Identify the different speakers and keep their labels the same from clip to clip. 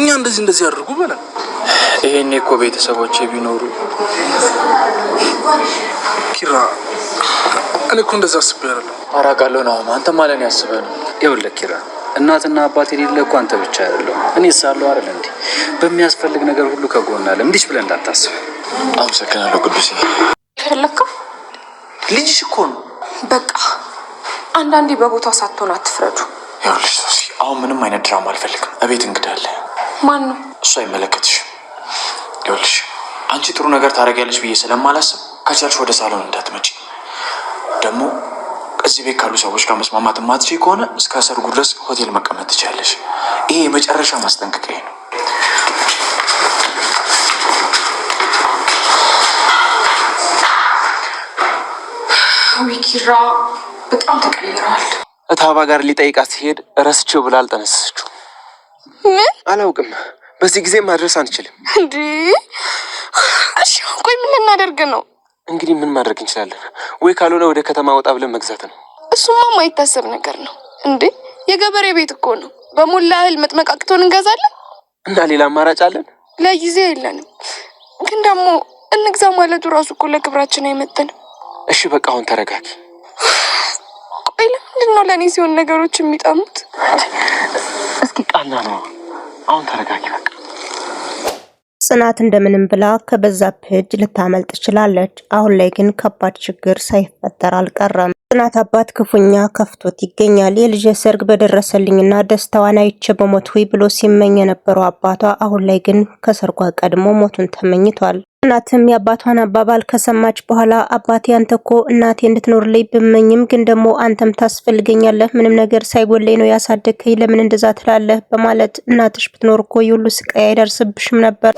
Speaker 1: እኛ እንደዚህ እንደዚህ አድርጉ ብለን
Speaker 2: ይሄኔ እኮ ቤተሰቦቼ ቢኖሩ
Speaker 1: ኪራ እኔ እኮ እንደዛ አስቤ ያለ
Speaker 2: አራቃለሁ ነው። አንተ ማለት ያስበ ነው። ይኸውልህ ኪራ እናትና አባት የሌለ እኮ አንተ ብቻ አይደለሁም እኔ ሳለሁ አይደል እንዴ? በሚያስፈልግ ነገር ሁሉ ከጎን አለ። እንዲች ብለን እንዳታስብ።
Speaker 1: አመሰግናለሁ ቅዱሴ። ፈለግከ ልጅሽ እኮ ነው።
Speaker 3: በቃ አንዳንዴ በቦታ ሳትሆን አትፍረዱ።
Speaker 1: ይኸውልሽ ሶሲ፣ አሁን ምንም አይነት ድራማ አልፈልግም። እቤት እንግዳለ ማን ነው እሱ? አይመለከትሽ። ይኸውልሽ አንቺ ጥሩ ነገር ታደርጊያለሽ ብዬ ስለማላስብ ከቻልሽ ወደ ሳሎን እንዳትመጪ። ደግሞ እዚህ ቤት ካሉ ሰዎች ጋር መስማማት ማትች ከሆነ እስከ ሰርጉ ድረስ ሆቴል መቀመጥ ትችያለሽ። ይሄ የመጨረሻ ማስጠንቀቂያ ነው።
Speaker 3: ዊኪራ በጣም ተቀይረዋል።
Speaker 2: እታባ ጋር ሊጠይቃት ሲሄድ እረስቼው ብላ አልጠነሰሰችው።
Speaker 3: ምን
Speaker 1: አላውቅም። በዚህ ጊዜ ማድረስ አንችልም።
Speaker 3: እንዴ! እሺ፣ ቆይ ምን እናደርግ ነው?
Speaker 1: እንግዲህ ምን ማድረግ እንችላለን? ወይ ካልሆነ ወደ ከተማ ወጣ ብለን መግዛት ነው።
Speaker 3: እሱማ ማይታሰብ ነገር ነው። እንዴ! የገበሬ ቤት እኮ ነው። በሞላ እህል መጥመቃቅቶን እንገዛለን።
Speaker 1: እና ሌላ አማራጭ አለን?
Speaker 3: ለጊዜ የለንም፣ ግን ደግሞ እንግዛ ማለቱ ራሱ እኮ ለክብራችን አይመጥንም።
Speaker 1: እሺ፣ በቃ አሁን ተረጋጊ።
Speaker 3: ቆይ ለምንድን ነው ለእኔ ሲሆን ነገሮች የሚጠሙት?
Speaker 1: እስኪ ቃና ነው አሁን ተረጋጊ
Speaker 4: ጽናት እንደምንም ብላ ከበዛብህ እጅ ልታመልጥ ትችላለች። አሁን ላይ ግን ከባድ ችግር ሳይፈጠር አልቀረም። ጽናት አባት ክፉኛ ከፍቶት ይገኛል። የልጅ ሰርግ በደረሰልኝና ደስታዋን አይቼ በሞት ብሎ ሲመኝ የነበረው አባቷ አሁን ላይ ግን ከሰርጓ ቀድሞ ሞቱን ተመኝቷል። እናትም የአባቷን አባባል ከሰማች በኋላ አባቴ አንተ እኮ እናቴ እንድትኖርልኝ ብመኝም ግን ደግሞ አንተም ታስፈልገኛለህ፣ ምንም ነገር ሳይጎለኝ ነው ያሳደግከኝ፣ ለምን እንደዛ ትላለህ? በማለት እናትሽ ብትኖር እኮ የሁሉ ስቃይ አይደርስብሽም ነበር።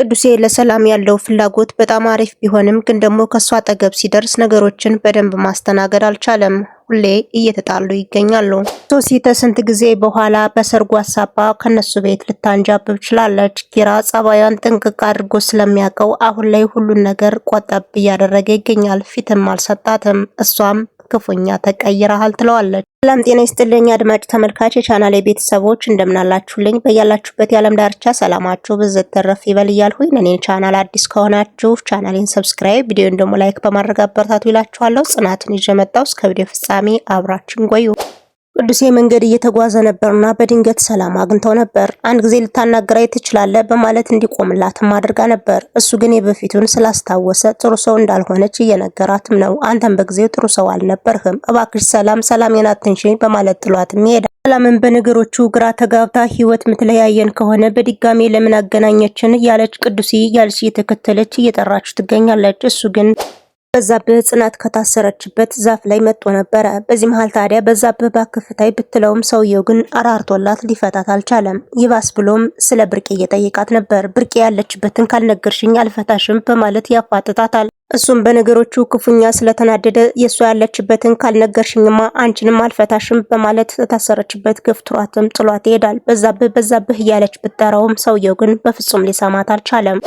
Speaker 4: ቅዱሴ ለሰላም ያለው ፍላጎት በጣም አሪፍ ቢሆንም ግን ደግሞ ከእሷ አጠገብ ሲደርስ ነገሮችን በደንብ ማስተናገድ አልቻለም። ሁሌ እየተጣሉ ይገኛሉ። ሶሲ ተስንት ጊዜ በኋላ በሰርጉ አሳባ ከነሱ ቤት ልታንጃብብ ችላለች። ኪራ ጸባያን ጥንቅቅ አድርጎ ስለሚያውቀው አሁን ላይ ሁሉን ነገር ቆጠብ እያደረገ ይገኛል። ፊትም አልሰጣትም። እሷም ክፉኛ ተቀይረሃል ትለዋለች። ሰላም ጤና ይስጥልኝ አድማጭ ተመልካች የቻናል ቤተሰቦች እንደምናላችሁልኝ በያላችሁበት የዓለም ዳርቻ ሰላማችሁ ብዝት ተረፍ ይበል እያልሁኝ እኔን ቻናል አዲስ ከሆናችሁ ቻናሌን ሰብስክራይብ ቪዲዮን ደግሞ ላይክ በማድረግ አበረታቱ ይላችኋለሁ። ጽናትን ይዤ መጣሁ። እስከ ቪዲዮ ፍጻሜ አብራችን ቆዩ። ቅዱሴ መንገድ እየተጓዘ ነበርና በድንገት ሰላም አግኝተው ነበር። አንድ ጊዜ ልታናገራኝ ትችላለህ በማለት እንዲቆምላትም አድርጋ ነበር። እሱ ግን የበፊቱን ስላስታወሰ ጥሩ ሰው እንዳልሆነች እየነገራትም ነው። አንተም በጊዜው ጥሩ ሰው አልነበርህም፣ እባክሽ ሰላም ሰላም የናትንሽኝ በማለት ጥሏትም ይሄዳል። ሰላምን በነገሮቹ ግራ ተጋብታ ህይወት ምትለያየን ከሆነ በድጋሜ ለምን አገናኘችን እያለች ቅዱሴ እያለች እየተከተለች እየጠራች ትገኛለች። እሱ ግን በዛብህ ጽናት ከታሰረችበት ዛፍ ላይ መጥቶ ነበረ። በዚህ መሀል ታዲያ በዛብህ ባክፍታይ ብትለውም ሰውየው ግን አራርቶላት ሊፈታት አልቻለም። ይባስ ብሎም ስለ ብርቄ እየጠየቃት ነበር። ብርቄ ያለችበትን ካልነገርሽኝ አልፈታሽም በማለት ያፋጥጣታል። እሱም በነገሮቹ ክፉኛ ስለተናደደ የእሷ ያለችበትን ካልነገርሽኝማ አንቺንም አልፈታሽም በማለት ከታሰረችበት ገፍትሯትም ጥሏት ይሄዳል። በዛብህ በዛብህ እያለች ብትጠራውም ሰውየው ግን በፍጹም ሊሰማት አልቻለም።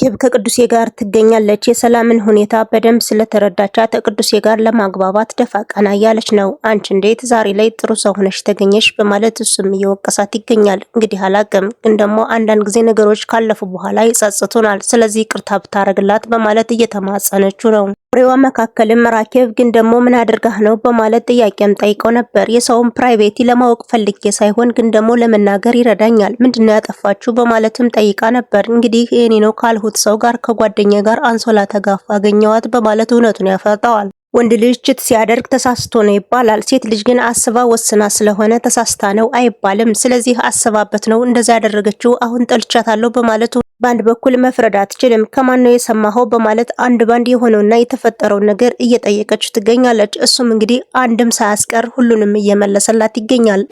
Speaker 4: ኬብ ከቅዱሴ ጋር ትገኛለች። የሰላምን ሁኔታ በደንብ ስለተረዳቻት ቅዱሴ ጋር ለማግባባት ደፋ ቀና እያለች ነው። አንቺ እንዴት ዛሬ ላይ ጥሩ ሰው ሆነሽ ተገኘሽ? በማለት እሱም እየወቀሳት ይገኛል። እንግዲህ አላቅም፣ ግን ደግሞ አንዳንድ ጊዜ ነገሮች ካለፉ በኋላ ይጸጽቱናል። ስለዚህ ቅርታ ብታረግላት በማለት እየተማጸነችው ነው። ፍሬዋ መካከልም ራኬብ ግን ደግሞ ምን አድርጋህ ነው በማለት ጥያቄም ጠይቀው ነበር። የሰውን ፕራይቬቲ ለማወቅ ፈልጌ ሳይሆን ግን ደግሞ ለመናገር ይረዳኛል። ምንድነው ያጠፋችሁ በማለትም ጠይቃ ነበር። እንግዲህ የኔ ነው ካልሁት ሰው ጋር ከጓደኛ ጋር አንሶላ ተጋፋ አገኘዋት በማለት እውነቱን ያፈጠዋል። ወንድ ልጅ ችት ሲያደርግ ተሳስቶ ነው ይባላል። ሴት ልጅ ግን አስባ ወስና ስለሆነ ተሳስታ ነው አይባልም። ስለዚህ አስባበት ነው እንደዛ ያደረገችው። አሁን ጠልቻታለሁ በማለቱ በአንድ በኩል መፍረድ አትችልም። ከማን ነው የሰማኸው በማለት አንድ ባንድ የሆነውና የተፈጠረውን ነገር እየጠየቀች ትገኛለች። እሱም እንግዲህ አንድም ሳያስቀር ሁሉንም እየመለሰላት ይገኛል።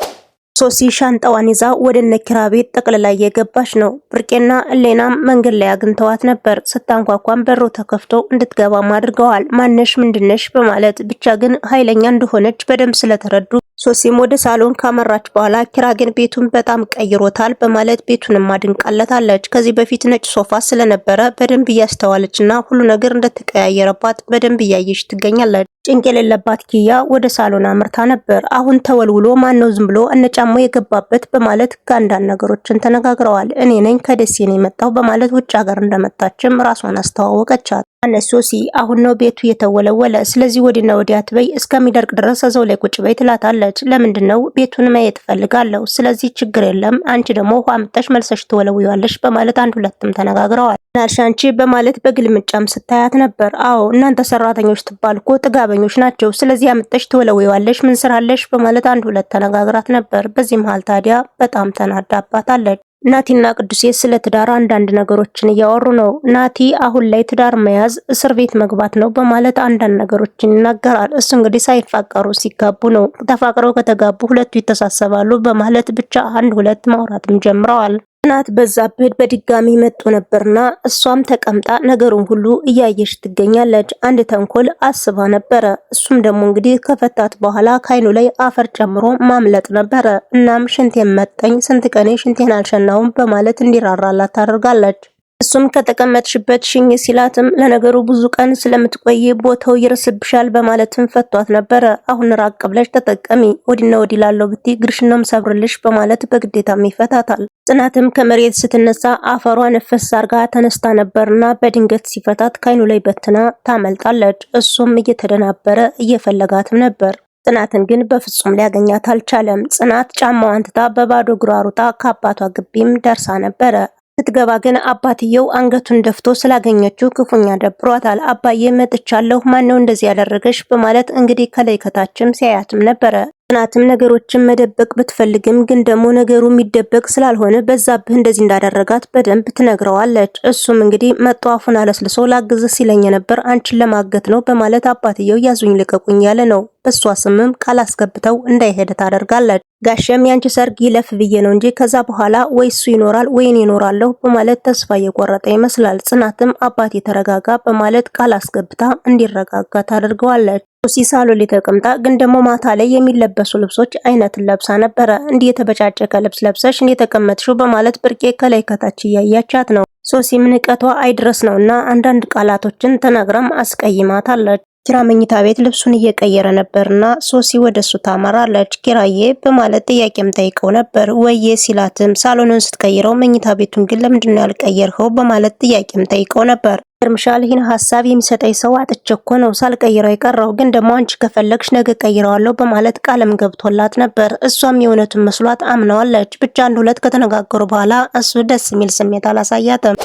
Speaker 4: ሶሲ ሻንጣዋን ይዛ ወደ ነኪራ ቤት ጠቅልላ እየገባች ነው። ብርቄና ሌናም መንገድ ላይ አግኝተዋት ነበር። ስታንኳኳን በሩ ተከፍቶ እንድትገባም አድርገዋል። ማነሽ ምንድነሽ በማለት ብቻ ግን ኃይለኛ እንደሆነች በደንብ ስለተረዱ ሶሲም ወደ ሳሎን ካመራች በኋላ ኪራ ግን ቤቱን በጣም ቀይሮታል በማለት ቤቱንም አድንቃለታለች። ከዚህ በፊት ነጭ ሶፋ ስለነበረ በደንብ እያስተዋለችና ሁሉ ነገር እንደተቀያየረባት በደንብ እያየች ትገኛለች። ጭንቅ የሌለባት ኪያ ወደ ሳሎን አምርታ ነበር። አሁን ተወልውሎ ማነው ዝም ብሎ እነጫማው የገባበት በማለት ጋንዳን ነገሮችን ተነጋግረዋል። እኔ ነኝ ከደሴን የመጣው በማለት ውጭ ሀገር እንደመጣችም ራሷን አስተዋወቀቻት። አለ ሶሲ አሁን ነው ቤቱ የተወለወለ። ስለዚህ ወዲና ወዲያ አትበይ፣ እስከሚደርቅ ድረስ እዛው ላይ ቁጭ በይ ትላታለች። ለምንድን ነው ቤቱን ማየት እፈልጋለሁ። ስለዚህ ችግር የለም አንቺ ደግሞ ውሃ አምጥተሽ መልሰሽ ትወለውያለሽ በማለት አንድ ሁለትም ተነጋግረዋል። ናርሻ አንቺ በማለት በግልምጫም ስታያት ነበር። አዎ እናንተ ሰራተኞች ትባል እኮ ጥጋበኞች ናቸው። ስለዚህ አምጥተሽ ትወለውያለሽ፣ ምን ስራለሽ በማለት አንድ ሁለት ተነጋግራት ነበር። በዚህ መሀል ታዲያ በጣም ተናዳባታለች። ናቲና ቅዱሴ ስለ ትዳር አንዳንድ ነገሮችን እያወሩ ነው። ናቲ አሁን ላይ ትዳር መያዝ እስር ቤት መግባት ነው በማለት አንዳንድ ነገሮችን ይናገራል። እሱ እንግዲህ ሳይፋቀሩ ሲጋቡ ነው። ተፋቅረው ከተጋቡ ሁለቱ ይተሳሰባሉ በማለት ብቻ አንድ ሁለት ማውራትም ጀምረዋል። ናት በዛብህ በድጋሚ መጥቶ ነበርና እሷም ተቀምጣ ነገሩን ሁሉ እያየሽ ትገኛለች። አንድ ተንኮል አስባ ነበረ። እሱም ደግሞ እንግዲህ ከፈታት በኋላ ከአይኑ ላይ አፈር ጨምሮ ማምለጥ ነበረ። እናም ሽንቴን መጠኝ፣ ስንት ቀኔ ሽንቴን አልሸናውም በማለት እንዲራራላት ታደርጋለች። እሱም ከተቀመጥሽበት ሽኝ ሲላትም ለነገሩ ብዙ ቀን ስለምትቆይ ቦታው ይርስብሻል በማለትም ፈቷት ነበረ። አሁን ራቅ ብለሽ ተጠቀሚ፣ ወዲና ወዲ ላለው ብቲ ግርሽናም ሰብርልሽ በማለት በግዴታም ይፈታታል። ጽናትም ከመሬት ስትነሳ አፈሯ ነፈስ አርጋ ተነስታ ነበርና በድንገት ሲፈታት ከአይኑ ላይ በትና ታመልጣለች። እሱም እየተደናበረ እየፈለጋትም ነበር። ጽናትን ግን በፍጹም ሊያገኛት አልቻለም። ጽናት ጫማዋን ትታ በባዶ እግሯ ሩጣ ከአባቷ ግቢም ደርሳ ነበረ። ስትገባ ግን አባትየው አንገቱን ደፍቶ ስላገኘችው ክፉኛ ደብሯታል። አባዬ መጥቻለሁ፣ ማነው እንደዚህ ያደረገሽ? በማለት እንግዲህ ከላይ ከታችም ሲያያትም ነበረ። ጽናትም ነገሮችን መደበቅ ብትፈልግም ግን ደግሞ ነገሩ የሚደበቅ ስላልሆነ በዛብህ እንደዚህ እንዳደረጋት በደንብ ትነግረዋለች። እሱም እንግዲህ መጦ አፉን አለስልሶ ላግዝህ ሲለኝ ነበር አንቺን ለማገት ነው በማለት አባትየው ያዙኝ ልቀቁኝ ያለ ነው። በእሷ ስምም ቃል አስገብተው እንዳይሄደ ታደርጋለች። ጋሸም ያንቺ ሰርግ ይለፍ ብዬ ነው እንጂ ከዛ በኋላ ወይ እሱ ይኖራል ወይን ይኖራለሁ በማለት ተስፋ እየቆረጠ ይመስላል። ጽናትም አባት የተረጋጋ በማለት ቃል አስገብታ እንዲረጋጋ ታደርገዋለች። ሶሲ ሳሎን ላይ ተቀምጣ ግን ደግሞ ማታ ላይ የሚለበሱ ልብሶች አይነትን ለብሳ ነበረ። እንዲህ የተበጫጨቀ ልብስ ለብሰሽ እንዲህ ተቀመጥሽው? በማለት ብርቄ ከላይ ከታች እያያቻት ነው። ሶሲም ንቀቷ አይድረስ ነውና አንዳንድ ቃላቶችን ተናግራም አስቀይማታለች። ኪራ መኝታ ቤት ልብሱን እየቀየረ ነበርና ሶሲ ወደሱ ታመራለች። ኪራዬ በማለት ጥያቄም ጠይቀው ነበር። ወዬ ሲላትም ሳሎኑን ስትቀይረው መኝታ ቤቱን ግን ለምንድን ነው ያልቀየርኸው? በማለት ጥያቄም ጠይቀው ነበር። እርምሻል ይህን ሀሳብ የሚሰጠኝ ሰው አጥቼ እኮ ነው ሳልቀይረው የቀረው፣ ግን ደግሞ አንቺ ከፈለግሽ ነገ ቀይረዋለሁ በማለት ቃለም ገብቶላት ነበር። እሷም የእውነቱን መስሏት አምነዋለች። ብቻ አንድ ሁለት ከተነጋገሩ በኋላ እሱ ደስ የሚል ስሜት አላሳያትም።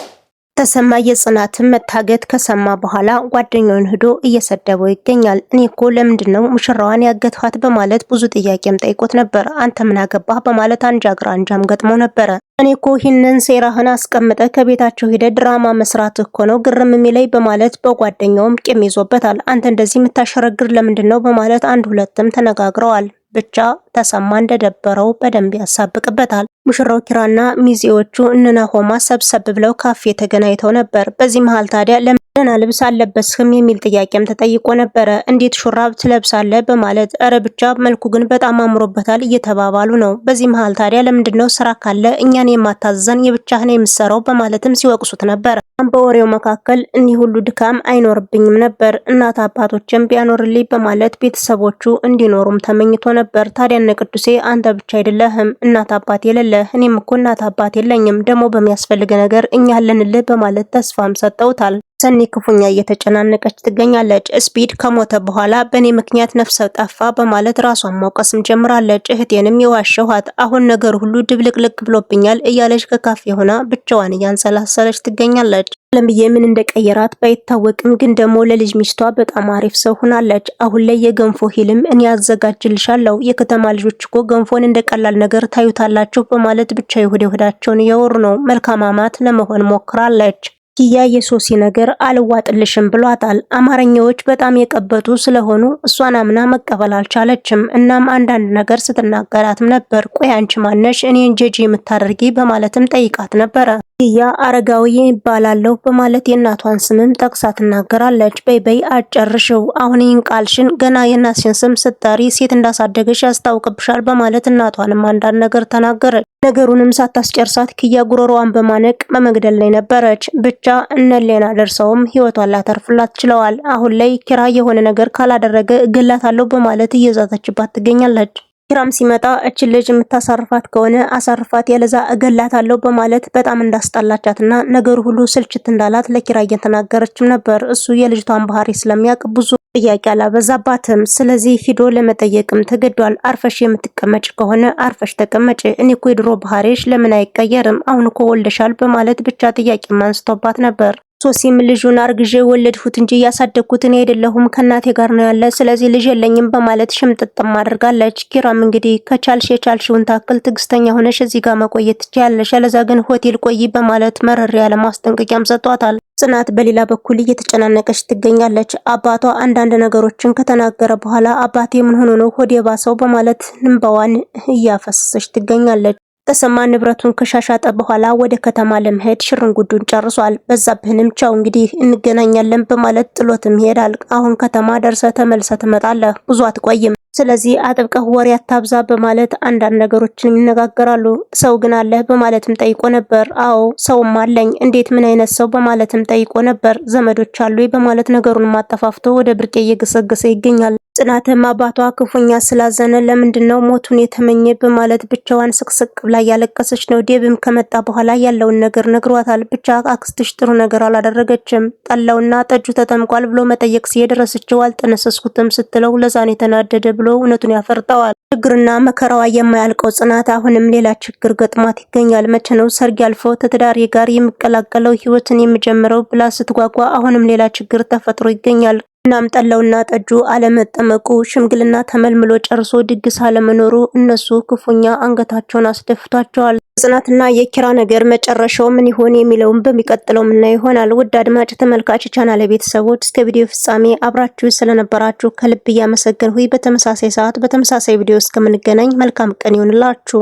Speaker 4: ተሰማ የጽናትን መታገት ከሰማ በኋላ ጓደኛውን ሂዶ እየሰደበው ይገኛል። እኔ እኮ ለምንድን ነው ሙሽራዋን ያገትኋት በማለት ብዙ ጥያቄም ጠይቆት ነበር። አንተ ምን አገባህ በማለት አንጃ አንጃም ገጥሞ ነበረ። እኔ እኮ ይህንን ሴራህን አስቀምጠ ከቤታቸው ሂደ ድራማ መስራት እኮ ነው ግርም የሚለይ በማለት በጓደኛውም ቂም ይዞበታል። አንተ እንደዚህ የምታሸረግር ለምንድን ነው በማለት አንድ ሁለትም ተነጋግረዋል። ብቻ ተሰማ እንደደበረው በደንብ ያሳብቅበታል። ሙሽራው ኪራና ሚዜዎቹ እነ ናሆማ ሰብሰብ ብለው ካፌ ተገናኝተው ነበር። በዚህ መሃል ታዲያ ደህና ልብስ አለበስህም የሚል ጥያቄም ተጠይቆ ነበረ። እንዴት ሹራብ ትለብሳለህ በማለት እረ ብቻ መልኩ ግን በጣም አምሮበታል እየተባባሉ ነው። በዚህ መሀል ታዲያ ለምንድን ነው ስራ ካለ እኛን የማታዘን የብቻህን የምሰራው በማለትም ሲወቅሱት ነበር። በወሬው መካከል እኒህ ሁሉ ድካም አይኖርብኝም ነበር እናት አባቶችም ቢያኖርልኝ በማለት ቤተሰቦቹ እንዲኖሩም ተመኝቶ ነበር። ታዲያ እነ ቅዱሴ አንተ ብቻ አይደለህም እናት አባት የሌለህ፣ እኔም እኮ እናት አባት የለኝም ደግሞ በሚያስፈልገ ነገር እኛ አለንልህ በማለት ተስፋም ሰጠውታል። ሰኒ ክፉኛ እየተጨናነቀች ትገኛለች። ስፒድ ከሞተ በኋላ በእኔ ምክንያት ነፍሰው ጠፋ በማለት ራሷን መውቀስም ጀምራለች። እህቴንም የዋሸኋት አሁን ነገር ሁሉ ድብልቅልቅ ብሎብኛል እያለች ከካፌ ሆና ብቻዋን እያንሰላሰለች ትገኛለች። አለምዬ ምን እንደቀየራት ባይታወቅም ግን ደግሞ ለልጅ ሚስቷ በጣም አሪፍ ሰው ሆናለች። አሁን ላይ የገንፎ ሂልም እኔ አዘጋጅልሻለሁ፣ የከተማ ልጆች እኮ ገንፎን እንደ ቀላል ነገር ታዩታላችሁ በማለት ብቻ ይሁድ ይሁዳቸውን እያወሩ ነው። መልካም አማት ለመሆን ሞክራለች። ኪያ የሶሲ ነገር አልዋጥልሽም ብሏታል። አማርኛዎች በጣም የቀበጡ ስለሆኑ እሷን አምና መቀበል አልቻለችም። እናም አንዳንድ ነገር ስትናገራትም ነበር። ቆይ አንቺ ማነሽ እኔን ጄጄ የምታደርጊ በማለትም ጠይቃት ነበረ። እያ አረጋዊ ይባላለሁ በማለት የእናቷን ስምም ጠቅሳ ትናገራለች። በይ በይ አጨርሽው፣ አሁን ይህን ቃልሽን ገና የእናትሽን ስም ስትጠሪ ሴት እንዳሳደገሽ ያስታውቅብሻል በማለት እናቷንም አንዳንድ ነገር ተናገረች። ነገሩንም ሳታስጨርሳት ኪያ ጉሮሮዋን በማነቅ በመግደል ላይ ነበረች። ብቻ እነሌና ደርሰውም ህይወቷን ላተርፍላት ችለዋል። አሁን ላይ ኪራ የሆነ ነገር ካላደረገ እገላታለሁ በማለት እየዛተችባት ትገኛለች። ኪራም ሲመጣ እችን ልጅ የምታሳርፋት ከሆነ አሳርፋት፣ ያለዛ እገላታለሁ በማለት በጣም እንዳስጠላቻትና ነገሩ ሁሉ ስልችት እንዳላት ለኪራ እየተናገረችም ነበር። እሱ የልጅቷን ባህሪ ስለሚያውቅ ብዙ ጥያቄ አላበዛባትም። ስለዚህ ሂዶ ለመጠየቅም ተገዷል። አርፈሽ የምትቀመጭ ከሆነ አርፈሽ ተቀመጭ፣ እኔ እኮ የድሮ ባህሪሽ ለምን አይቀየርም? አሁን እኮ ወልደሻል በማለት ብቻ ጥያቄም አንስቶባት ነበር። ሶሲም ልጁን አርግዤ ወለድሁት እንጂ እያሳደግኩት እኔ አይደለሁም ከእናቴ ጋር ነው ያለ፣ ስለዚህ ልጅ የለኝም በማለት ሽምጥጥም አድርጋለች። ኪራም እንግዲህ ከቻልሽ የቻልሽውን ታክል ትግስተኛ ሆነሽ እዚህ ጋር መቆየት ትችያለሽ፣ አለዛ ግን ሆቴል ቆይ በማለት መረር ያለ ማስጠንቀቂያም ሰጥቷታል። ጽናት በሌላ በኩል እየተጨናነቀች ትገኛለች። አባቷ አንዳንድ ነገሮችን ከተናገረ በኋላ አባቴ ምን ሆኖ ነው ሆዴ ባሰው በማለት እንባዋን እያፈሰሰች ትገኛለች። ተሰማ ንብረቱን ከሻሻጠ በኋላ ወደ ከተማ ለመሄድ ሽርንጉዱን ጨርሷል። በዛብህንም ቻው እንግዲህ እንገናኛለን በማለት ጥሎትም ይሄዳል። አሁን ከተማ ደርሰ ተመልሰ ትመጣለህ፣ ብዙ አትቆይም። ስለዚህ አጥብቀህ ወሬ አታብዛ በማለት አንዳንድ ነገሮችን ይነጋገራሉ። ሰው ግን አለህ በማለትም ጠይቆ ነበር። አዎ ሰውም አለኝ፣ እንዴት ምን አይነት ሰው በማለትም ጠይቆ ነበር። ዘመዶች አሉ በማለት ነገሩን ማጠፋፍቶ ወደ ብርቄ እየገሰገሰ ይገኛል። ጽናትም አባቷ ክፉኛ ስላዘነ ለምንድን ነው ሞቱን የተመኘ በማለት ብቻዋን ስቅስቅ ብላ እያለቀሰች ነው። ዴብም ከመጣ በኋላ ያለውን ነገር ነግሯታል። ብቻ አክስትሽ ጥሩ ነገር አላደረገችም፣ ጠላውና ጠጁ ተጠምቋል ብሎ መጠየቅ ሲሄድ ረስቼው አልጠነሰስኩትም ስትለው ለዛን የተናደደ ብሎ እውነቱን ያፈርጠዋል። ችግርና መከራዋ የማያልቀው ጽናት አሁንም ሌላ ችግር ገጥሟት ይገኛል። መቼ ነው ሰርግ ያልፎ ተትዳሪ ጋር የሚቀላቀለው ህይወትን የሚጀምረው ብላ ስትጓጓ አሁንም ሌላ ችግር ተፈጥሮ ይገኛል። እናም ጠላውና ጠጁ አለመጠመቁ፣ ሽምግልና ተመልምሎ ጨርሶ ድግስ አለመኖሩ እነሱ ክፉኛ አንገታቸውን አስደፍቷቸዋል። የጽናትና የኪራ ነገር መጨረሻው ምን ይሆን የሚለውን በሚቀጥለው ምናየው ይሆናል። ውድ አድማጭ ተመልካች ቻናል ቤተሰቦች እስከ ቪዲዮ ፍጻሜ አብራችሁ ስለነበራችሁ ከልብ እያመሰገንሁ በተመሳሳይ ሰዓት በተመሳሳይ ቪዲዮ እስከምንገናኝ መልካም ቀን ይሁንላችሁ።